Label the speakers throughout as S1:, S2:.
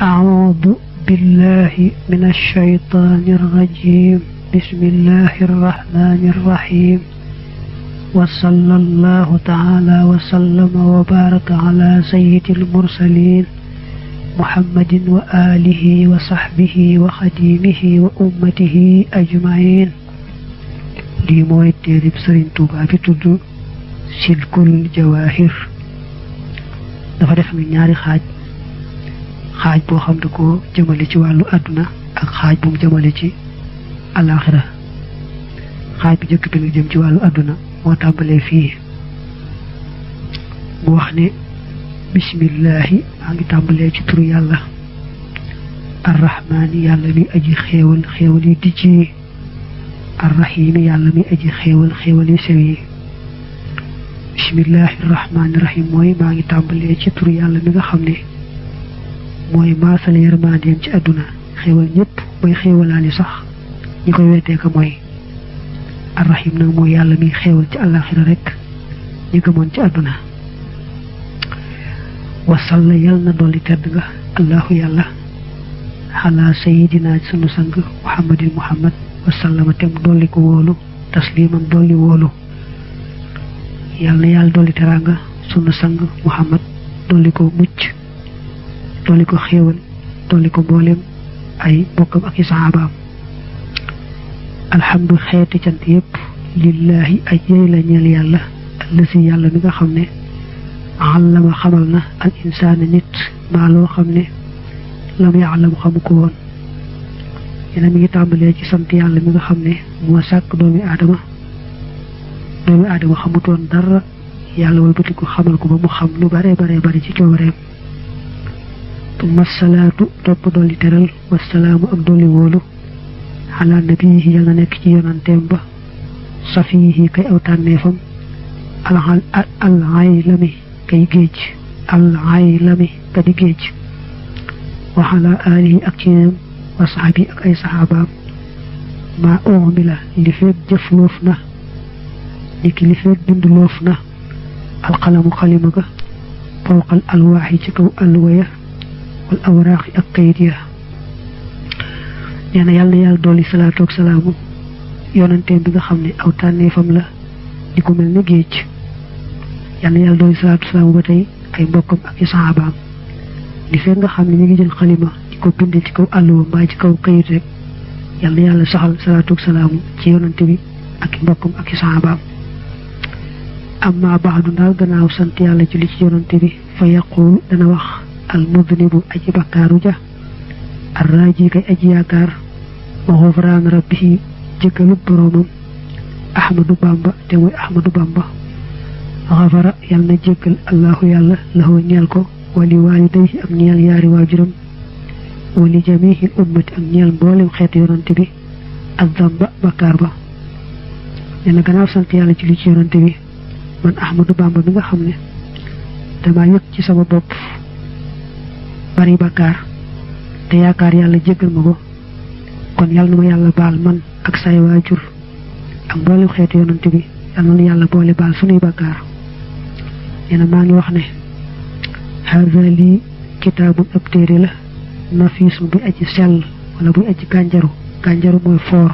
S1: أعوذ بالله من الشيطان الرجيم بسم الله الرحمن الرحيم وصلى الله تعالى وسلم وبارك على سيد المرسلين محمد وآله وصحبه وخديمه وأمته أجمعين لي موي تيريب سرين توبا في تدو سلك الجواهر دفع من ديف نياري xaaj boo xam ne koo jëmale ci wàllu àdduna ak xaaj bu mu ci alaaxira xaaj bu bi nag jëm ci wàllu àdduna moo tàmbalee fii mu wax ne bismillaahi maa ngi tàmbalee ci turu yàlla arrahmaani yàlla mi aji xéewal xéewal yi dijj yi arrahiimi yàlla mi aji xéewal xéewal yi sew yi bismillaahi arrahmaani rahim mooy maa ngi tàmbalee ci turu yàlla mi nga xam ne mooy maasale yërmandeem ci àdduna xéewal ñëpp mooy xéewalaali sax ñi koy weetee ko mooy arrahim nag mooy yàlla mi xéewal ci àllaaxira rek ñi gëmoon ci àdduna wasalla na dolli tedd nga allahu yàlla xalaa sayidina sunu sang muhammadin muhammad sallama tem dolli ko tasliman dolli wolu yal na yàlla dolli sunu sang muhammad dolli ko mucc dolli ko xéewal dolli ko mbooleem ay bokkam ak i saxaabaam alhamdu xeeti cant yépp lillaahi aj yey la ñeel yàlla allasi yàlla mi nga xam ne àllama xamal na al insaana nit maa xam ne lam yaalam xamu ko woon yéen mi ngi tàmbalee ci sant yàlla mi nga xam ne moo sàkk doomi aadama doomi aadama xamutoon dara yàlla walbatiku xamal ko ba mu xam lu bare bare bari ci coobareem ثم الصلاة توب دولي ترل والسلام أك دولي وولو على نبيه يلا نكي ينانتين با صفيه كي أوتان نيفم العيلمي كي جيج العيلمي كدي جيج وعلى آله أكيم وصحبي أك أي صحابام ما أعمل لفيد جفلوفنا لكي لفيد بندلوفنا القلم قلمك فوق الألواح تكو ألويه wal awraaxi ak kayit ya nee yàlla na yàlla dolli salaatu ak salaamu yonanteem bi nga xam ne aw tànneefam la di ko mel ni géej yàlla na yàlla dolli salaamu ba tey ay mbokkam ak i saxaabaam di fekk nga xam ne ñu ngi jël xalima di ko bindee ci kaw àll ba mbaa ci kaw kayit rek yàlla na yàlla saxal salaatu ak salaamu ci yonante bi ak mbokkam ak i saxaabaam amma baax du ndaal gannaaw sant yàlla julli ci yonante bi fa yaqulu dana wax almudnibu aji bakkaaru ja arraaji kay aji yaakaar wa xufraan rabbihi jëkkalub boroomam ahmadu bamba te mooy ahmadu bamba xafara yal na jëkkal allahu yàlla laxoo ñeel ko wali waalidayhi ak ñeel yaari waajuram wali jamihi ummati ak ñeel mboolem xeetu yonante bi ak damba bakkaar ba nee na gannaaw sant yàlla ci lii ci yonante bi man ahmadu bamba mi nga xam ne dama yëg ci sama bopp bari bakar, te yaakaar yalla jeegal mako kon yalla nu yalla bal man ak say wajur ak bolu xet yonante bi yàlla nu yàlla boole baal sunuy bakkaar nee ngi wax ne hazali kitabu abtere la nafiisu bu aji sel wala bu aji kanjaru kanjaru moy for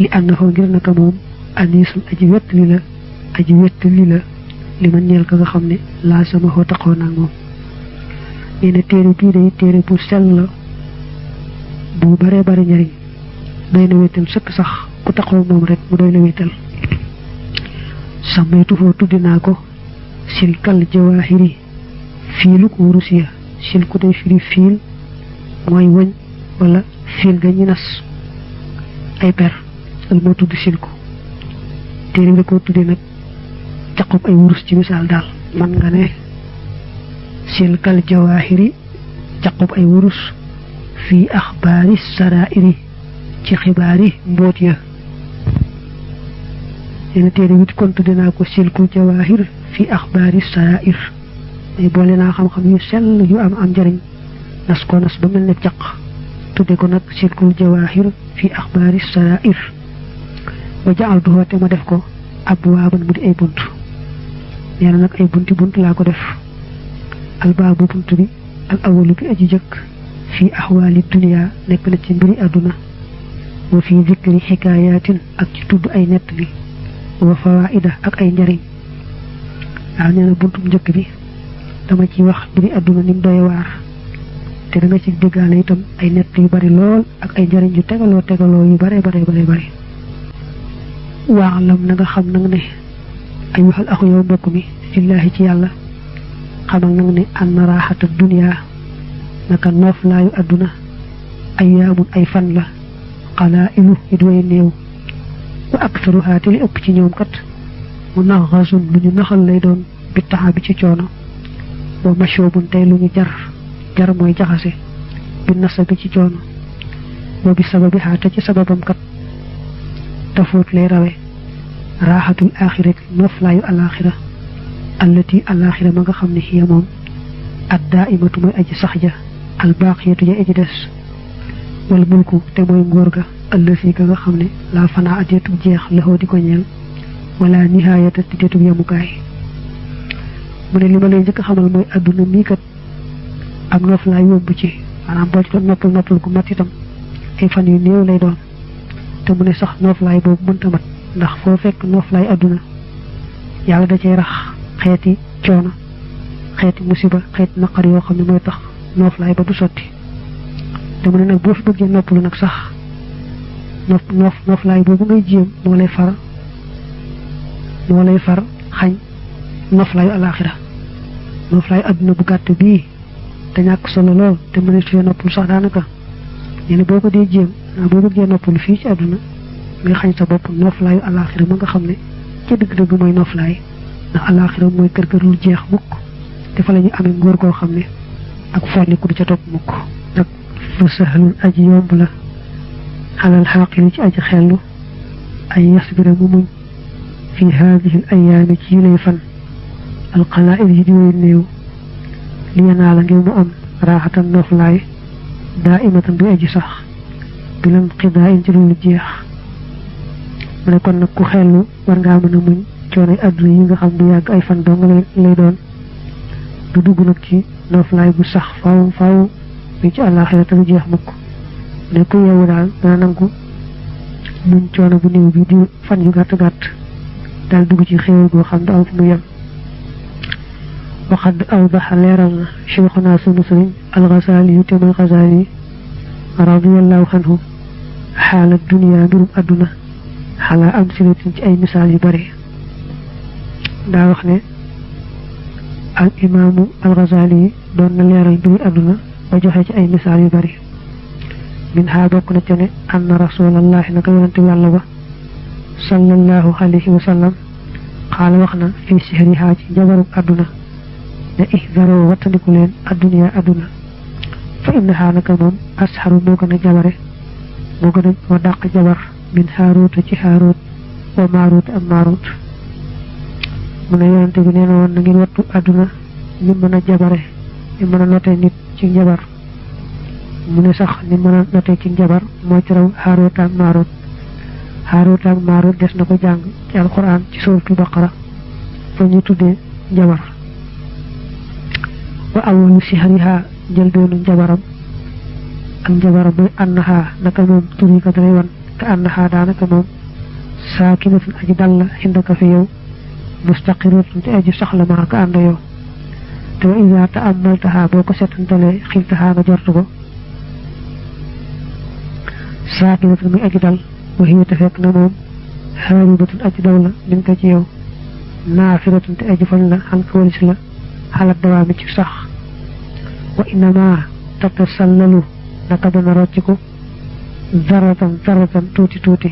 S1: li annahu ngir naka moom anisul aji wett li la aji wett li la li ñeel ka nga xamne la sama ho taxoo naa ene téré bi day téré bu sel la bu bare bare ñari day na wétal sëkk sax ku taxaw moom rek mu doy na wétal samay tufoo tuddi naa ko kal jawahiri fiilu ko rusiya sil ku day firi fiil mooy wëñ wala fiil ga ñi nas ay per al moo tudd silku téere téré nga ko tuddi nag caqub ay wurus ci misaal daal man nga ne silkal kal jawahiri cakup ay wurus fi akhbari sarairi ci xibaari mboot ya yene téré wit kont dina ko silku jawahir fi akhbari sarair ay bolé na xam xam yu sel yu am am jariñ nas ko nas ba melni caq tudde ko nak silku jawahir fi akhbari sarair ba jaal du ma def ko abwaaban mu ay buntu neena nak ay bunti buntu la ko def albaabu buntu bi al awalu bi aji jek fi ahwaali dunya nek na ci mbiri aduna wa fi dhikri hikayatin, ak ci tuddu ay net bi wa fawaida ak ay njariñ waaw nee na buntum bi dama ci wax mbiri aduna nim doy war te da ci itam ay net yu bari lool ak ay njariñ yu tegalo tegalo yu bari bari bari bari waalam na nga xam ne ayuhal akhu yow mbokk mi billahi ci yalla xamal nag ne anna raaxata dunia naka nooflaayu àdduna ayyaamun ay fan la xalaa ilu yi duway néew wa aktaruhaa li ëpp ci ñoom kat mu naxasun lu ñu naxal lay doon bittaxa bi ci coono wa mashoobun tey lu ñu jar jar mooy jaxase bi nasa ci coono wa bi sababi ci sababam kat tafuut lay rawe raaxatul aaxirati nooflaayu alaaxira allati àllaaxira ma nga xam ne xiya moom at daa imatu mooy aji sax ja albaaxiyatu ja aji des wal mulku te mooy nguur ga allëfi ga nga xam ne laa fanaa adeetub jeex laxoo di ko ñeel wala nihaayata di deetub yemukaay mu ne li ma lay njëkk xamal mooy adduna mii kat ak noof laa ci maanaam boo ci doon noppal noppal gu mat itam ay fan yu néew lay doon te mu ne sax nooflaay boobu mënta mat ndax foo fekk nooflaay adduna yàlla da cay rax xeeti coono xeeti musiba xeeti naqar yoo xam ne mooy tax nooflaay ba du sotti te mu ne nag boo fi bëggee noppalu nag sax noof noof nooflaay boobu ngay jéem lay far moo lay far xañ nooflaayu alaaxira nooflaayu àdduna bu gàtt bii te ñàkk solo lool te mënees fee noppalu sax daanaka ñu ne boo ko dee jéem ah, boo bëggee noppalu fii ci àdduna ngay xañ sa bopp nooflaayu alaaxira ma nga xam ne ca dëgg-dëgg mooy nooflaay ndax alaxira mooy kër kër lu jeex mukk te fa lañu amee ngor goo xam ne ak folliku du ca topp mukk nag lu sahlun aji yomb la xalal xaaqili ci aji xellu ay yasbira mu muñ fi hadihi al ayaami ci lay fan al qala'il yi diwoy néew li yanaala ngir mu am raaxatan noflaay daa'imatan du aji sax qidaa'in ci lu jeex mu ne kon nag ku xellu war ngaa mën muñ coono àdduna yi nga xam du yàgg ay fan dong lay doon du dugg nag ci noflaay bu sax faaw faaw bi ci àllaaxira te du jeex mukk ne ku daal dana nangu muñ coono bu néew bi di fan yu gàtt gàtt daal dugg ci xéewal goo xam du am fu mu yem waxad aw baxa leeral na cheikhuna sunu sëriñ alxasaali yu teem alxasaali radiallahu anhu xaala dunia mbirum àdduna xalaa am silatin ci ay misaal yu bare دا وخني الامام الغزالي دون ليرال بي ادنا با جوخي اي مثال يبري من ها بوكنا تاني ان رسول الله نك يونت يالله با صلى الله عليه وسلم قال وخنا في شهر حاج جبر ادنا لا احذروا وتلكوا لين الدنيا ادنا فانها نك مام اسحر بوكنا جبره بوكنا وداق جبر من هاروت تي هاروت وماروت اماروت أم mu ne yonante bi neena woon na ngeen wattu aduna ni mën jabaré ya? jabare ni mën noté nit ci njabar mu ne sax ni mën noté marut ci njabar moo ci raw xaaroot ak maaroot xaaroot ak des na ko ci alquran ci suratul baqara fa ñu njabar wa awalu hariha jël doonu njabaram ak njabaram bu annaha naka moom turi ka dalay ka annaha da naka saakinatun aji dal indaka fi yow مستقر تاج سخل معك عند يو تو إذا تأملتها بوك ستنتلي خلتها نجرتك ساكنة من أجدل وهي تفاق نموم حاجبة أجدل من تجيو نافرة تاج فلنا عن كورس على الدوام تسخ وإنما تتسلل نقد نراتك ذرة ذرة توتي توتي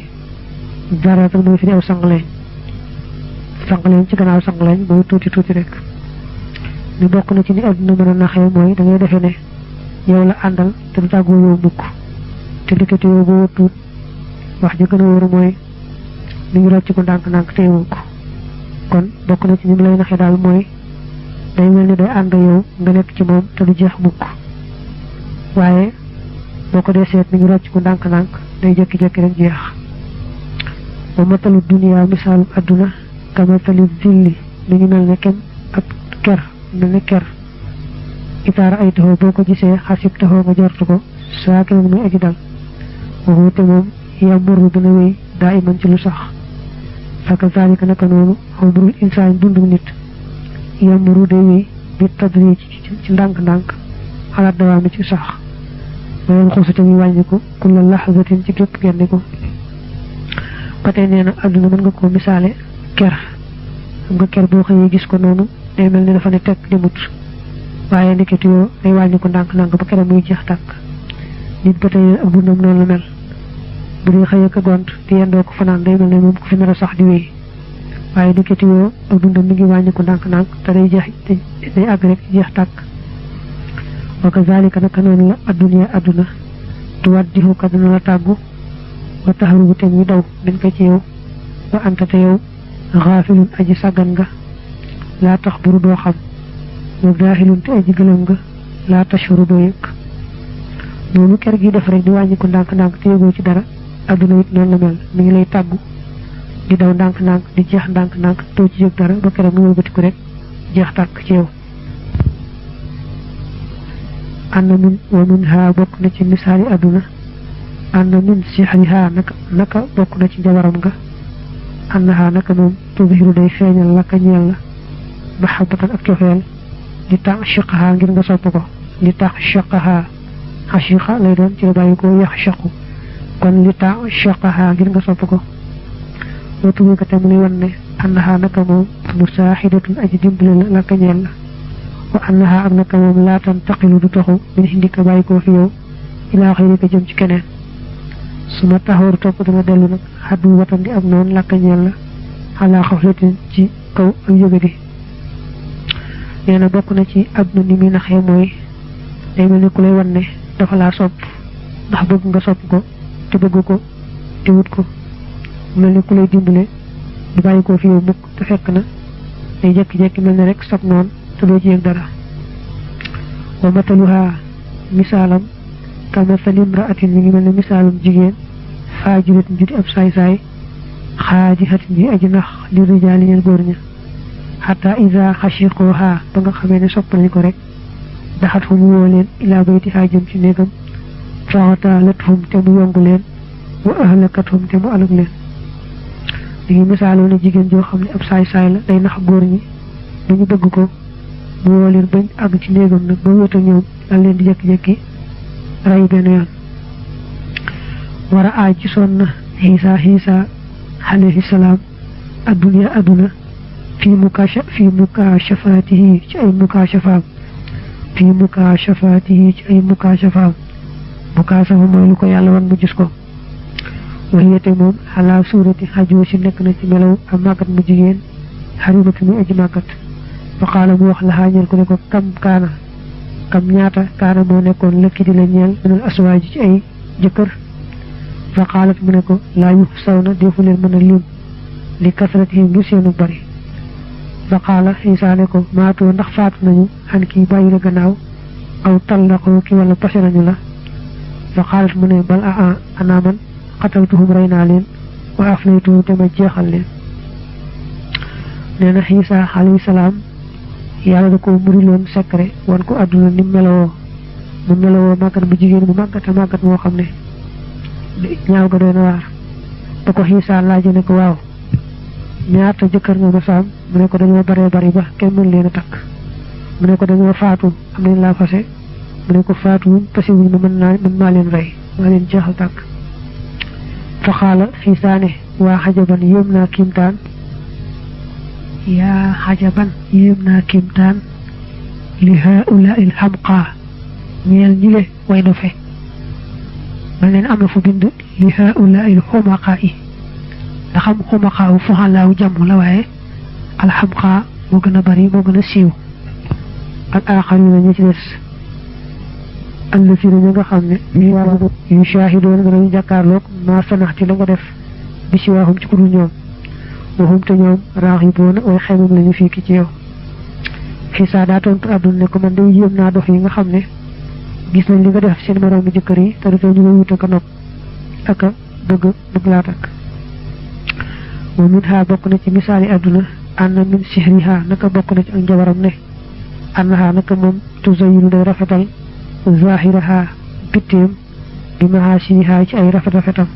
S1: ذرة من فيني أو sank leen ci gannaaw sank lañ bo tuuti tuuti rek ni bokk na ci ni aduna mëna naxé moy da ngay defé né yow la andal té du tagu yow mukk té dikati yow bo tuut wax ji gëna wër moy ni ngi rocc ko ndank ndank té ko kon bokk na ci ni lay naxé dal moy day melni day and yow nga nek ci mom té du jeex mukk waye boko dé sét ni ngi rocc ko ndank ndank day jekki jekki rek jeex wa matalu dunya misal aduna kamatali zilli mi ngi mel ne kem ab ker mel ne ker itaara ay taxoo boo ko gisee xasib taxoo nga jortu ko saa ki nag muy aji dal waxuute moom yàmburu dina wéy daa iman ci lu sax faka zalika naka noonu umrul insaan dundu nit yàmburu day wéy bi tadri ci ndànk-ndànk xalaat dawaa ci sax mayoon xuusu te muy wàññiku kulla laxzatin ci gépp gendiku ba tey nee na mën nga koo misaale ker xam nga ker boo xëyee gis ko noonu day mel ni dafa ne teg demut waaye ndeket yoo day wàññi ko ndànk-ndànk ba keroog muy jeex tàkk nit ba tey ak dundam noonu la mel bu dee xëy ak gont di yendoo ko fanaan day mel ne moom ko fi nar a sax di wéy waaye ndeket yoo ak dundam mi ngi wàññi ndànk-ndànk te day jeex day àgg rek jeex tàkk wa kazalika naka noonu la adduna adduna tuwaddihu ka dana la tàggu wa taxaru bu te muy daw ko ci yow wa anta te yow xaafilun aji sàggan nga laa tax buru doo xam wa daahilun te aji gëlëm nga laa tashuru doo yëg noonu ker gi def rek di wàññi ko ndànk-ndànk te yëgoo ci dara adduna it noonu la mel mi ngi lay tàggu di daw ndànk-ndànk di jeex ndànk-ndànk doo ci yëg dara ba keroog nga wëlbatiku rek jeex tàkk ci yow. ànd wa mun haa bokk na ci misaali adduna ànd mun si xali haa naka naka bokk na ci jabaram nga. annaha naka moom tubhiru day feeñal la ka ñeel la mahabbatan ak cofeel li tax chiqaha ngir nga sopp ko li tax chiqaha achiqa lay doon kon li tax chiqaha ngir nga sopp ko loo tumu ko te mu lay wan ne annaha naka moom musaaxidatun aji dimbale la la ka ñeel la wa annaha ak naka moom laa tantaqilu du toxu min indi ka bàyyi ko fi yow ilaa xëy ka jëm ci keneen suma tahor top dama delu nak xaddu watan di am non la ñeel la ala xawlatin ci kaw ak yóge di nee na na ci abnu ni muy naxee moy day mel ni ku lay ne dafa laa sopp ndax bëgg nga sop ko te bëgg ko te wut ko mel ni ku du bàyyi fi yow bëgg te fekk na day jek jek mel rek sop non te do ci yëg dara wa mataluha misalam kama salim raatin mi ngi mel ne misaalum jigéen faajirat njudi ab saay-saay xaaji góor ña xataa isa xashiqooha ba nga rek daxat fu mu woo leen ilaa bayti haa jëm ci néegam faxataalat hum te mu yongu leen wa ahlakat hum te mu alak leen li ngi misaaloo ne jigéen joo xam ne ab saay-saay la day nax góor ñi dañu bëgg ko mu woo leen bañ àgg ci néegam nag ba wéet ak ñoom daal leen di jékki-jékki rey benn yoon war a aaj gisoon na xiisa xiisa alayhi salaam adduna adduna fii mukasha fii ay mukashafaam fii mukashafaatihi ci ay ko yàlla wan mu gis ko waxiyate moom ala suurati xajoo si nekk na ci melaw am màggat mu jigéen xarimatu mu aji màggat waqaala mu wax la ko ne ko kam kaana xam ñaata kaana moo nekkoon lëkki di la ñeel minal aswaaj ay jëkkër fa xaalat mu ne ko laa di saw na defu leen mën a lim li kasratihim lu seenu bari fa xaala Isaa ne ko ndax faatu nañu xan kii bàyyi la gannaaw aw tallaqoo wala pase nañu la fa xaalat mu ne bal a anaa man xataltuhum naa leen wa aflaytu te ma jeexal leen na Isaa yalla da ko muriloon secret won ko aduna ni meloo mu meloo màggat bu jigen bu màggata màggat moo xam ne ñaaw ga doon war da ko hisa la jene ko waaw ñaata jëkkër nga ma saam mu ne ko dañu bare bare ba kenn mu leena tak mu ne ko dañu faatu am leen la fase mu ne ko faatu pasiwuñ ma mu naa mën ma leen ray ma leen jaxal tak fa xala xiisaane waa xajaban yéem naa يا عجبا يمنا كمتان لهؤلاء الحمقى ñeel ñi le way do fe man leen am na fu bind li haula il xumaqa yi da xam xumaqa wu fu xalaaw jàmm la waaye alxamqa moo gën a bari moo gën a siiw al aaxarina ñi ci des allafina ñi nga xam ne yu shaahidoon nga dañu jàkkaarloog maa sanax ci la nga def bi si waaxum ci kudul ñoom وهم تنيوم راغبون أي خيمم لن في كتير في سادات أنت أبدون لكم أن دو يوم نادو حيوم خمنا جسن لغا دفشن مرام جكري ترغي نيوم يتقنب أكا دوغ نبلاتك ومنها بقنا تي مثال أبدون أن من سحرها نكا بقنا تي أنجوارم نه أنها نكا مم تزيل دي رفتل ظاهرها بتيم بمعاشرها تي أي رفت رفتل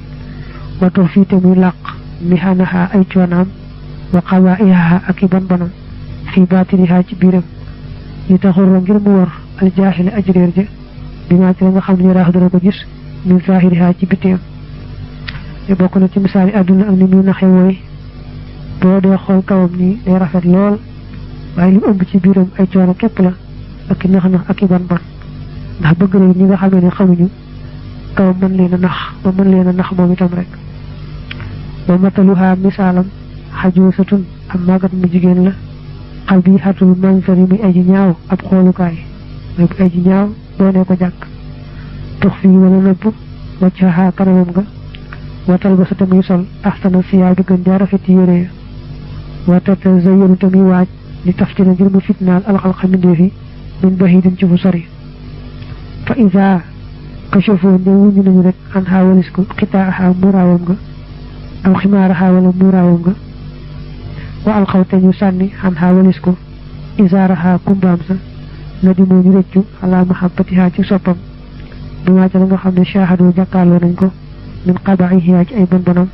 S1: وتوفيت من لقم mihanaha ay coonaam wa xawaa'iha ak i bon bonam fii ci biiram li taxurra ngir mu war aljaaxile aji réer ja bi maa ci la nga xam ne yaraax dana ko gis min zaahiriha ci biteem te bokk na ci misaali àdduna ak ni muy naxe wooy boo dee xool kawam nii day rafet lool waaye li mu ci biiram ay coono képp la ak i nax nax ak i bon ndax bëgg na ñi nga xamee ne xamuñu kawam mën leen a nax ba leen a nax moom itam rek wa mataluha misaalam xajuusatun am màggat mu jigéen la xabiixatul manzari muy aji ñaaw ab xoolukaay mooy bu aji ñaaw doone ko jàkk tux fii wala nëbb waccaxaa kanamam nga wa talbasa tamuy sol axsana siyaa bi gën jaa rafet yére ya wa tatazayanu tamuy waaj li taftina ngir mu fitnaal alxalqa mindeefi min baxiidin ci bu sori fa isa kashafoo ne wuñu nañu rek an xaa walis ko xitaaxaa muraawam nga aw ximaaraxa wala muuraawam nga wa alxaw te ñu sànni xan xaa walis ko isaaraxa kumbaam sa la di moo rëccu ala mahabbatiha ci soppam bi maa ca la nga xam ne shahadu jàkkaarloo nañ ko min qabaiha ci ay bon bonam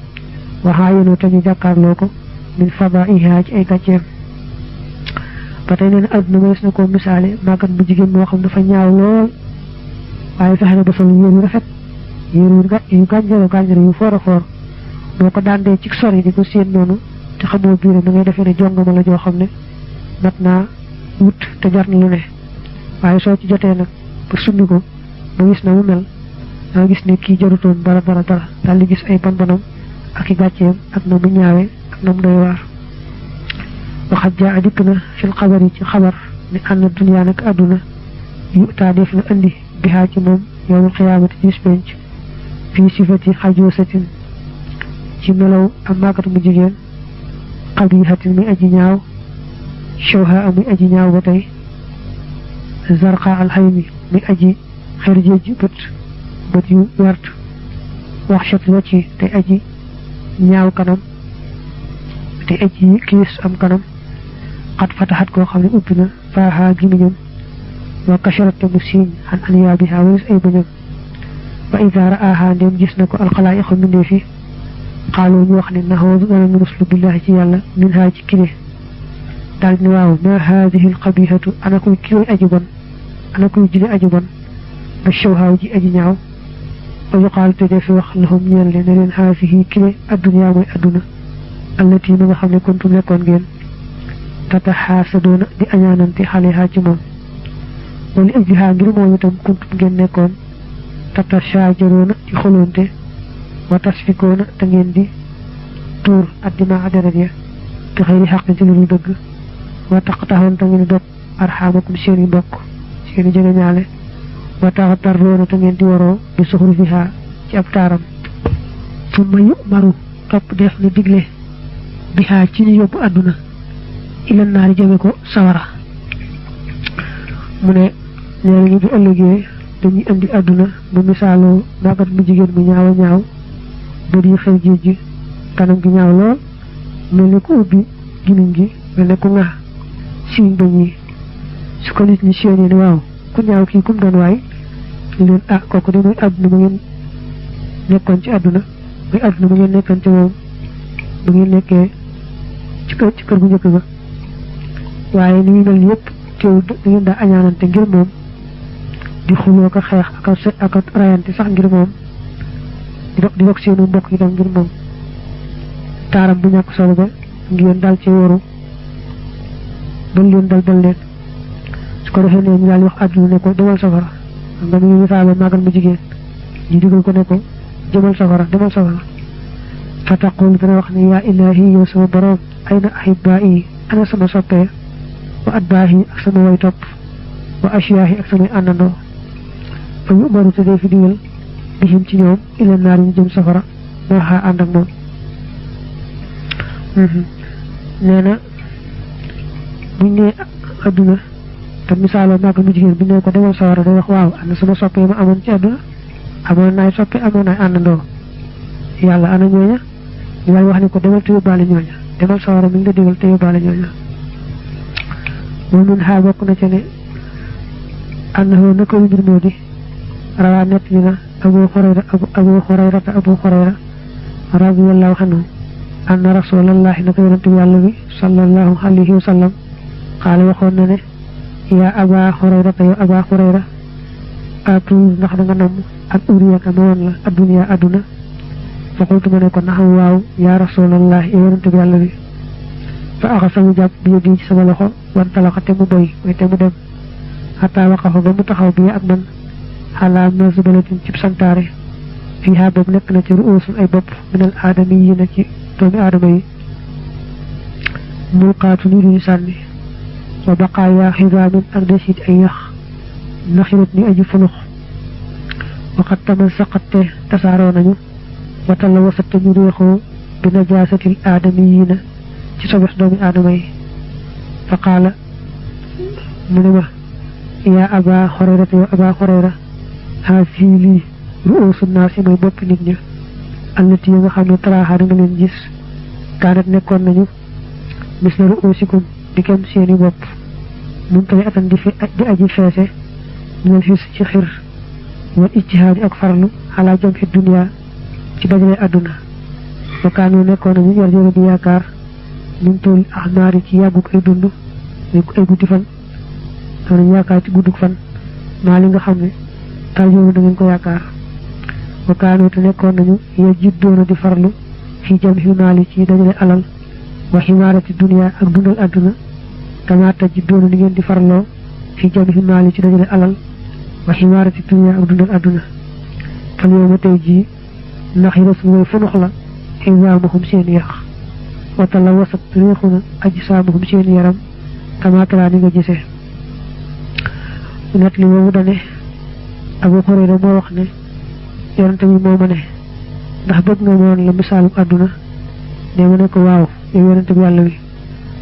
S1: waxaa yenoo te ñu jàkkaarloo ko min fadaiha ci ay gàcceem ba tey nee na àdduna ma des na koo misaale màggat bu jigéen moo xam dafa ñaaw lool waaye fexe na ba sol yéer yu rafet yu gànjaro gànjaro yu foor foor boo ko daan dee ci sori di ko séen noonu te xamoo biiram da ngay defee ne jongama la joo xam ne mat naa wut te jar ne waaye soo ci jotee nag ba summi ko ba gis na mu mel da gis ne kii jarutoon dara dara dara daal di gis ay bonbonam ak i gàcceem ak na mu ñaawee ak na mu doy waar waxat jaa a dikk na fil xabar yi ci xabar ni ànd na duniyaa nag àdduna yutaa def na indi bihaa ci moom yoomul xiyaamati gis penc fii sifati xajoo satin ci melow am màggat mu jigéen xab yi xatin muy aji ñaaw shawha amuy aji ñaaw ba tey zarqa alxaymi muy aji xer bët bët yu wert wax shati wacci tey aji ñaaw kanam tey aji kiis am kanam xat fataxat koo xam ne ubbi na faaxa gimiñam wa kasharat mu siiñ xan an yaabiha ay bëñam ba idaara aaha ndem gis na ko alxalaayiqu mbindeefi xaaloo ñu wax ne naxoo danañu ruslu billahi ci yàlla min haa ci kile daal ne waaw ma haadihi lqabihatu ana kuy kiroy aji bon ana kuy jile aji bon ba shawhaaw ji aji ñaaw ba yuqaal te defi wax lahum ñeel le ne leen haadihi kile adduniyaa mooy adduna allati ma nga xam ne kuntum nekkoon ngeen tataxaasadoona di añaanante xalehaa ci moom wa li ajlihaa ngir moom itam kuntum ngeen nekkoon tatashaajaroona di xoloonte Watas fi kona tangen di tur ak adara ya, dia ki xëyri xaqin ci lu deug wa taqtahun tangen ngeen arhamakum dog arxaamakum seeni mbokk seeni jege ñaale wa taxtarroona te ngeen di waroo bi suxru fiha ci ab taaram summa maru topp def ni digle biha ci ñu yobu aduna ilan nar jeme ko sawara mune ne ñaari ñu dañuy andi aduna bu misalo màggat bu bu ñaaw ñaaw bët yu xew géej gi kanam gi ñaaw lool mel ne ku ubbi gimiñ gi mel ne ku ŋax siiñ ba ñi su ko nit ñi séenee waaw ku ñaaw kii kum doon waay leen ah kooku de muy àdduna bu ngeen nekkoon ci àdduna muy àdduna bu ngeen nekkoon ci moom bu ngeen nekkee ci kër gu njëkk ga waaye ni mel yëpp teewul da ngeen daa añaanante ngir moom di xuloo ko xeex ak a rayante sax ngir moom di dox di wax seenu mbokk itam ngir mom taram bu ñak solo ba yon dal ci woru ba yon dal dal leen su ko defé ñu dal wax addu ne ko demal safara na ñu faale magal mu jigen ñu digal ko ne ko demal safara demal safara taqul dana wax ni ya ilahi ya sama borom ayna ahibai ana sama soppe wa adbahi ak sama way top wa ashiyahi ak sama andando fa yu baru te def bihim ci ñoom ila naar ñu jëm safara moo xaa ànd moom mhm. nee na buñ nee adduna te misaaloo màgg mu jigéen bi ne ko demal sawara day wax waaw ana sama soppe ma amoon ci adduna amoon naay soppe amoon naay àndandoo yàlla ana ñooña yàlla wax ni ko demal te yóbbaale ñooña demal sawara mi ngi te yóbbaale ñooña moom mun bokk na ca ne ànd na ko mbir moo di rawaa nett ni na abu xurayra abu xurayra te abu xurayra radiyallahu anhu anna rasulallahi naka yonente bi yàlla bi sallallahu alayhi wa sallam xaala waxoon na ne yaa aba xurayra te yow aba xurayra atu ndax da nga namm ak uriyaka ma woon la adduniya adduna fa qultu ma ne ko naxam waaw yaa rasulallahi yow yonente bi yàlla bi fa axa samu jàpp biyo bii ci sama loxo wantalaxa te mu doy way te mu dem xataa waqafa ba mu taxaw bi ak man ala masbalatin ci santaare fiha boobu nekk na ci ruusun ay bopp minal aadami yi na ci doomi aadama yi mulqaatu ni duñu sànni wa baqaaya xisaamin ak desit ay yax naxirat ni aji funux waxat taman saqatte tasaaroo nañu watal la wasatte ñu réexoo bi najaasatil aadami yi na ci sobex doomi aadama yi fa qaala mu ne ma yaa abaa xoreyrata yow abaa xoreyrata xaa fii lii ru'uusu naasi mooy boppi nit ña allati nga xam ne taraaxaa nga leen gis kaanat nekkoon nañu mis la ru'uusikum di kem seeni bopp mun tali atan di aji feese minal xis ci xir wal ijtihaadi ak farlu xalaa jam fi duniyaa ci dajale àdduna wa kaanu nekkoon nañu yar joono di yaakaar mun tool axmaari ci yàgguk ay dund ay guddi fan danañ ci gudduk fan maa li nga xam ne tarjumu na ngeen ko yaakaar wa nekkoon nañu yow jiddoona di farlu fi jam ximaali ci dajale alal wa ximaarati duniya ak dundal àdduna kamaata jiddoona ni ngeen di farloo fi jam ximaali ci dajale alal wa ximaarati duniya ak dundal àdduna fal jii ndax yi rasul mooy funuux la ximaamahum seen yax wata la wasat réexu na ajsaamahum seen yaram kamaata laa ni nga gisee Abu Hurayra moo wax ne yonente bi moo ma ne ndax bëgg nga moon la misaalum àdduna ne ma ne ko waaw yow yonente bi yàlla wi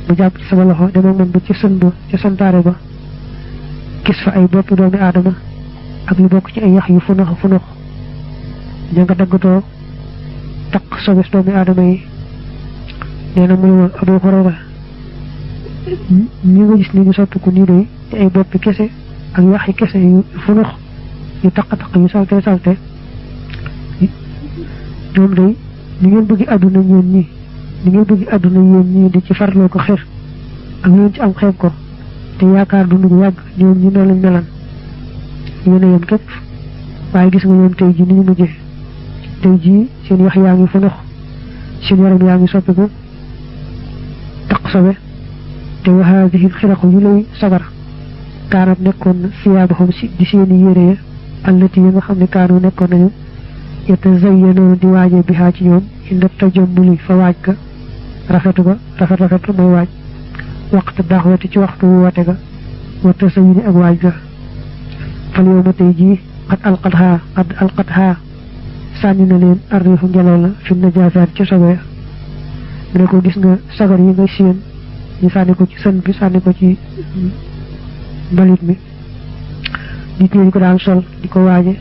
S1: mu jàpp ci sama loxo dama moom ba ci sën ba ca santaare ba gis fa ay boppi doomi aadama ak lu bokk ci ay yax yu funax funax ña nga daggatoo taq sobis doomi aadama yi nee na muy woon Abu Hurayra ñi nga gis ni ñu sopp ko nii doy ci ay boppi kese ak yax yi kese yu funax yu taq taq yu salte salte ñoom day ni ngeen bëgg àdduna yéen ñi ni ngeen bëgg àdduna yéen ñi di ci farloo ko xeex ak yéen ci am xeeb ko te yaakaar dundu gu yàgg ñoom ñi noonu lañ melan yem képp waaye gis nga ñoom tey ji ni ñu mujjee tey jii seen wax yaa ngi funox seen yaram yaa ngi soppiku taq sobe te waxaa di xiraqu yu lay sabar kaanat nekkoon na siyaabahum si di seeni yére ya allati yi nga xam ne kaanu nekkoon nañu yete zayyanoon di waaje bi xaa ci ñoom inda tajammuli fa waaj ga rafetu ga rafet rafet mooy waaj waxtu daxwati ci waxtu woote ga wata sa yini ak waaj ga fal yow ma tey jii xat alqat xaa xat sànni na leen arriixu ngelaw la fi najaasaat ci sobe mu ne ko gis nga sagar yi nga séen ñu sànni ko ci sën bi sànni ko ci mbalit mi jigéen ñi ko daan sol di ko waaje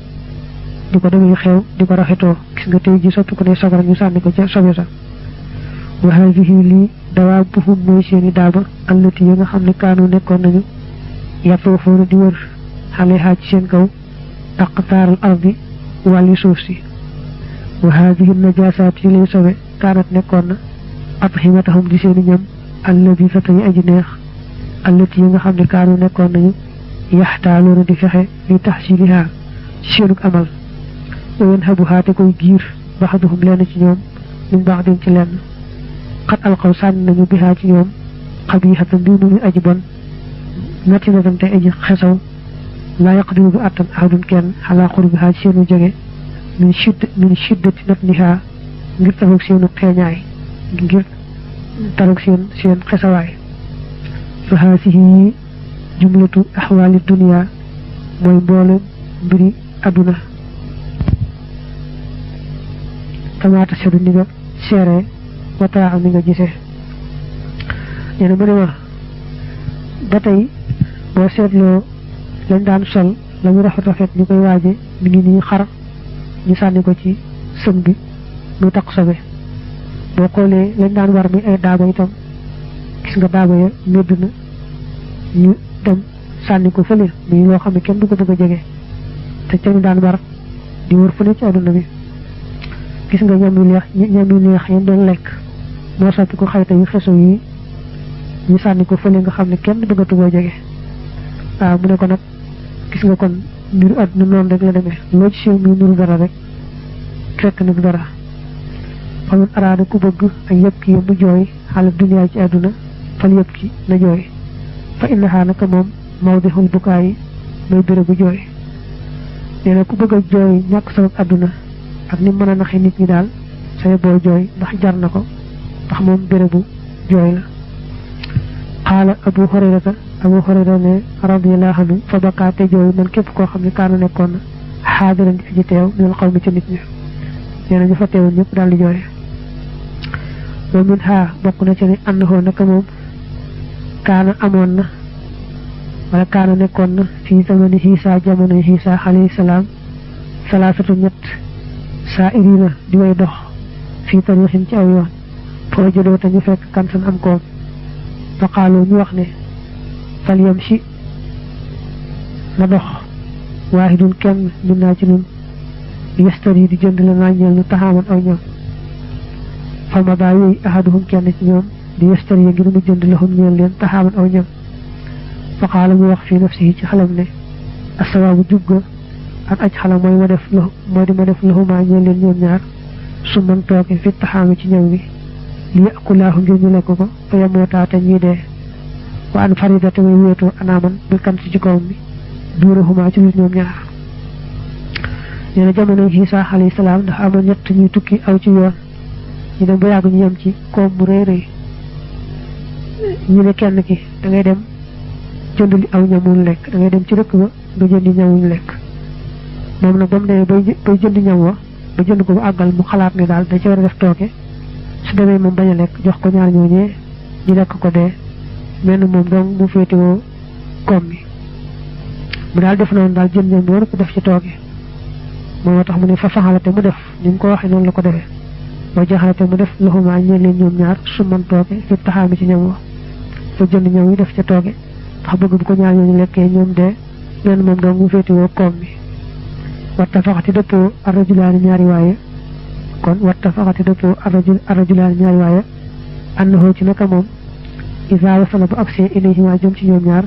S1: di ko demee xew di ko rafetoo gis nga tey ji soppi ko ne sabara ñu sànni ko ca sobe sa waxaa jii lii dawaa buxum mooy seeni daaba allati yi nga xam ne kaanu nekkoon nañu yàppoo foona di wër xale xaaj ci seen kaw al ardi wàlli suuf si waxaa jii najaasaat yi lay sobe kaanat nekkoon na ab ximatahum di seeni ñam allati fata yi aji neex allati yi nga xam ne kaanu nekkoon nañu yaxtaaluuna di fexe li taxsiliha ci seenug amal wayen habuhaa te koy giir baxaduhum lenn ci ñoom min baxdin ci lenn xat alxaw sànni nañu bihaa ci ñoom xabiixatan mbiw mu muy aji bon natti na tam te aji xesaw laa yaqdiru bu attan ahadun kenn xalaa xurbihaa ci seenu jege min shidd min shiddati natnihaa ngir tarug seenu xeeñaay ngir tarug seen seen xesawaay fa haasihi jumlatu ahwali dunya moy mboolem mbiri aduna kama tashadu ni nga seere wataa mi nga gisee nee na mu ne ma ba tey boo lañ daan sol lañu rafa rafet ni koy waaje mi ngi ni xar ñu sanni ko ci sëm bi muy takk sobe boo xoolee lañ daan war mi ay daago itam gis nga daago ya medd na ñu tam sanni ko fele muy lo xam kenn du ko bëgg a té ci ñu daan bar di wër fele ci aduna bi gis nga ñam yu neex ñam yu neex ñu doon lekk moo soppi ko xayta yu xesu yi ñu sanni ko fele nga xam ne kenn bëggatu koo jege ah mu ne ko nak gis nga kon ad àdduna non rek la démé loo ci siiw muy dara rek fekk nag dara ñu araada ku bëgg ay yëpp ki yëpp joy xaalat duniyaa ci aduna fa yëpp ki na joy fa na naka moom mawdixul bukaay mooy bérébu jooy nee na ku bëgg a jooy ñàkk sabab àdduna ak ni mën a naxe nit ñi daal say boo jooy ndax jar na ko ndax moom bérébu jooy la xaala abu hurayrata abu hurayra ne radiyallahu anhu fa bakaa te jooy man képp koo xam ne kaana nekkoon na xaadiran di aji teew minal xawmi ca nit ñi nee na ñu fa teewoon ñëpp daal di jooy wa min ha bokk na ci ne ànd hoo naka moom kaana amoon na wala kaana nekkoon na fii zamani Iisaa jamono Iisaa alayhi salaam salaasatu ñett saa irina di way dox fii tariixin ci aw yoon foo jëloo te ñu fekk kantan am koom fa qaalu ñu wax ne fal yamshi na dox waahidun kenn min naa ci nun yastari di jënd la naa ñeel nu taxaaman aw ñoom fa ma baa yooyu ahaduhum kenn ci ñoom li yastar ya ngir mu jënd lahum ñeel leen taxaaman aw ñam fa qaala mu wax fii nafsihi ci xalam ne asawaabu jub ga ak aj xalam mooy ma def mooy di ma def lahumaa ñeel leen ñoom ñaar su man tooke fi ci ñam wi li yàqulaahu ngir ñu lekk ko fa yamootaa te ñuy dee wa an farida te may wéetoo anaaman bi kan si ci kawam bi duurahumaa ci biir ñoom ñaar nee na jamono Iisaa alayhi ndax amoon ñett ñuy tukki aw ci yoon ñu dem ba yàgg ñu yem ci koom mu rëy rëy ñu ne kenn ki da ngay dem jënd li aw ñamuñ lekk da ngay dem ci dëkk ba nga jëndi lekk moom nag ba mu demee bay bay jënd ñam wa ba jënd ko ba àggal mu xalaat ne daal da ci war a def tooge su demee moom bañ a lekk jox ko ñaar ñooñee ñi lekk ko dee mel na moom dong mu féetewoo koom mi mu daal def noonu daal jënd ñam bi war ko def ci tooke moo tax mu ne fa te mu def ñu mu ko waxee noonu la ko defee boo jaxalate mu def loxumaa ñeen leen ñoom ñaar su man tooke taxaami ci ñam wa sa jënd ñëw yi def ca tooge ndax bëgg bu ko ñaar ñooñu lekkee ñoom de benn moom dong mu féetiwoo koom mi watta faxati dëppoo arrajulaani ñaari waaye kon watta faxati dëppoo arrajul arrajulaani ñaari waaye annahu ci naka moom isa wasala bu agsee ilayhima jëm ci ñoom ñaar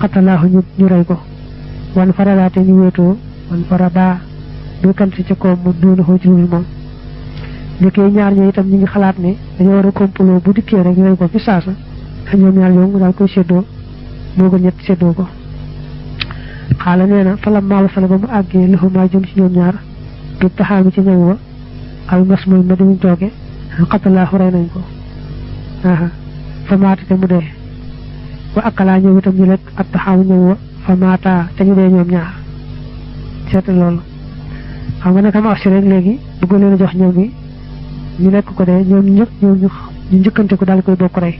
S1: xatalaahu ñu ñu rey ko wan faralaate ñu wéetoo wan fara baa du kamsi ci koom mu duunaxoo ci lul moom léegi ñaar ñoo itam ñu ngi xalaat ne dañoo war a bu dikkee rek ñu rey ko fi te ñoom ñaar ñoom mu daal koy séddoo moo gën ñett séddoo ko xaala nee na fala maalo sala ba mu àggee laxumaa jëm ci ñoom ñaar bi taxaami ci ñam wa al mooy ma dimuñ tooge xatalaaxu rey nañ ko aa fa maata te mu dee wa akkalaa ñëw itam ñu lekk ak taxaamu ñam wa fa maata te ñu dee ñoom ñaar seet loolu xam nga nag am afsi rek léegi bëgg leen a jox ñam bi ñu lekk ko de ñoom ñëpp ñu njëkkante ko daal koy bokk rey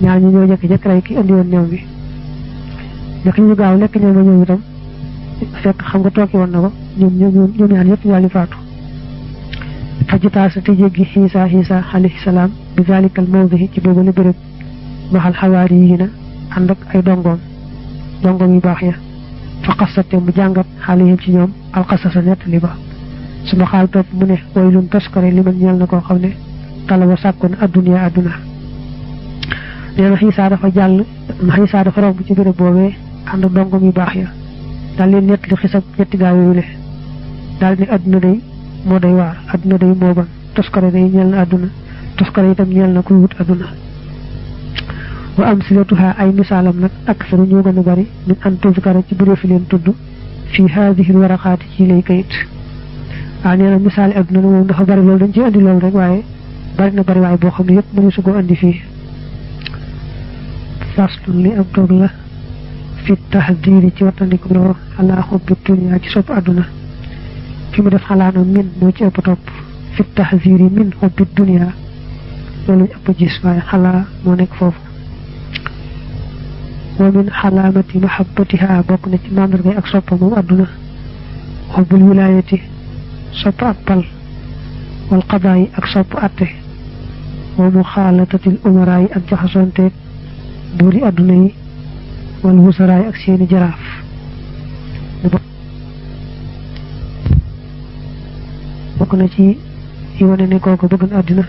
S1: ñaar ñu ñoo jëk jëk ray ki andi woon néew bi jekk ñu gaaw nekk ñoom ba ñëw itam fekk xam nga tooki woon na ko ñoom ñoom ñoom ñaar ñëpp daal di faatu fajitaasa te jéggi xiisa xiisa alayhi salaam bi zalikal mawdihi ci boobale béréb maxal xawaari yi na ànd ak ay dongoom dongoom yu baax ya fa xasate mu jàngat xaalihim ci ñoom alxasasa li ba suma xaal topp mu ne waylun taskare li man ñeel na koo xam ne talaba sàkkoon adduna adduna nee na xiisaa dafa jàll xiisaa dafa romb ci béréb boobee ànd ndongo yu baax ya daal leen ñett li xisab ñetti gaa yooyu le daal ne àdduna day moo day waar àdduna day moo bon toskare day ñeel na àdduna na kuy wut àdduna wa am silatuha ay misaalam nag ak saru ñoo gën a bari min an tuzkara ci bureefi leen tudd fii haadihil waraqaati ci lay kayit waaw ah, nee na misaali àdduna la moom dafa bari loolu dañ ci andi loolu rek waaye bari na bari waaye boo xam ne yëpp mënu su ko fii sartun li ab dog la fi tahdiri ci wattandikuloo ala xubbi dunya ci sopp àdduna fi mu def xalaana min moo ci ëpp topp fi tahdiri min xubbi dunya loolu ñu ëpp gis waaye xalaa moo nekk foofu wa min xalaamati mahabbatiha bokk na ci màndarga ak soppa moom àdduna xubbul wilaayati sopp ak pal wal qadaa yi ak sopp atte wa muxaalatatil umaraa yi ak jaxasonteeg buuri àdduna yi wala wusaraay ak seeni jaraaf bokk na ci yi wane ne bëgg na àddina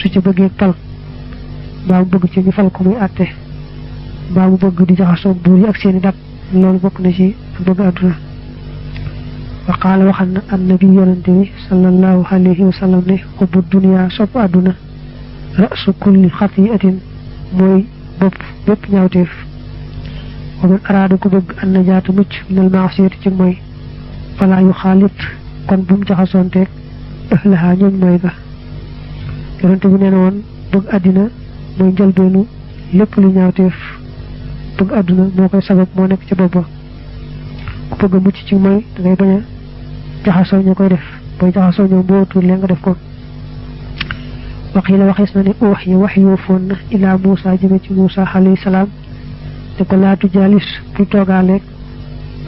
S1: su ci bëggee pal mbaa mu bëgg ci ñu fal ko muy àtte mbaa mu bëgg di jaxasoo buur yi ak seeni dab loolu bokk na ci bëgg àdduna wa qaala waxan na annabi yonente bi sallallahu alayhi wa sallam ne xubbu dunia sopp àdduna rasu kulli xatiatin mooy bopp bépp ñaawteef wa man araada ku bëgg an najaata mucc minal maasiyati ci mooy falaa yu xaalit kon bu mu jaxasoonteeg ëhlaha ñooñ mooy ga yonente bi nee na woon bëgg àddina mooy njëlbeenu lépp lu ñaawteef bëgg àdduna moo koy sabab moo nekk ci bopp ba ku bëgg mucc ci mooy dangay bañ a jaxasoo ñoo koy def booy jaxasoo ñoo bootul leen nga def ko waxiila waxees na ne oox yi wax yoo foon na ilaa Moussa jëme ci Moussa alayhi salaam ne ko laatu jaalis bu toogaaleeg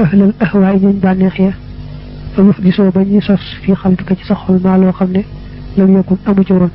S1: ahlal ahwaay ñooñ bànneex ya fa yuf gisoo ba ñuy sos fii xaltuka ci sa xol maa loo xam ne lam yakun amu ci woon